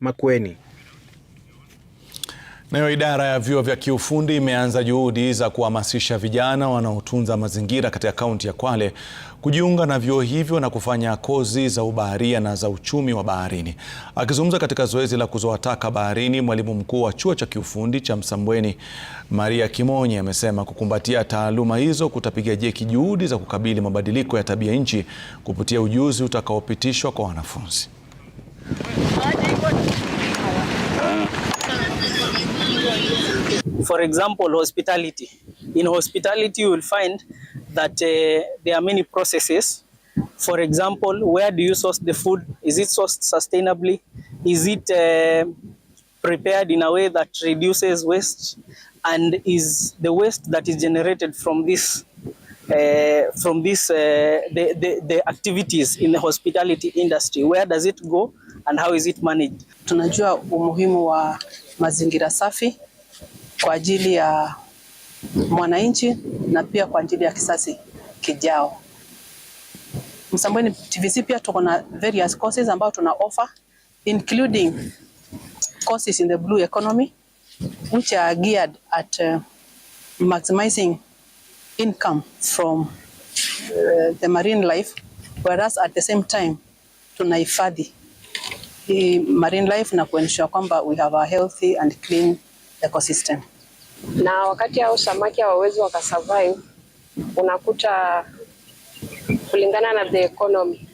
Makueni. Nayo idara ya vyuo vya kiufundi imeanza juhudi za kuhamasisha vijana wanaotunza mazingira katika kaunti ya Kwale kujiunga na vyuo hivyo na kufanya kozi za ubaharia na za uchumi wa baharini. Akizungumza katika zoezi la kuzoa taka baharini, mwalimu mkuu wa chuo cha kiufundi cha Msambweni Maria Kimonye amesema kukumbatia taaluma hizo kutapiga jeki juhudi za kukabili mabadiliko ya tabia nchi kupitia ujuzi utakaopitishwa kwa wanafunzi. For example, hospitality. In hospitality, you will find that uh, there are many processes. For example, where do you source the food? Is it sourced sustainably? Is it uh, prepared in a way that reduces waste? And is the waste that is generated from this uh, from this uh, the, the, the activities in the hospitality industry, where does it go and how is it managed? Tunajua umuhimu wa mazingira safi kwa ajili ya mwananchi na pia kwa ajili ya kisasi kijao. Msambweni TVC pia tuko na various courses ambao tuna offer including courses in the blue economy which are geared at uh, maximizing income from uh, the marine life whereas at the same time tunahifadhi eh, marine life na kuensure kwamba we have a healthy and clean ecosystem na wakati hao samaki hawawezi wakasurvive, unakuta kulingana na the economy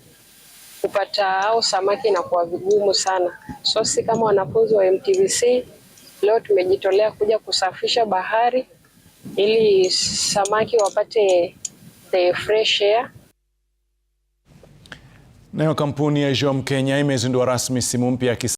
kupata hao samaki inakuwa vigumu sana. So si kama wanafunzi wa MTVC leo tumejitolea kuja kusafisha bahari ili samaki wapate the fresh air. Nayo kampuni ya Jom Kenya imezindua rasmi simu mpya ya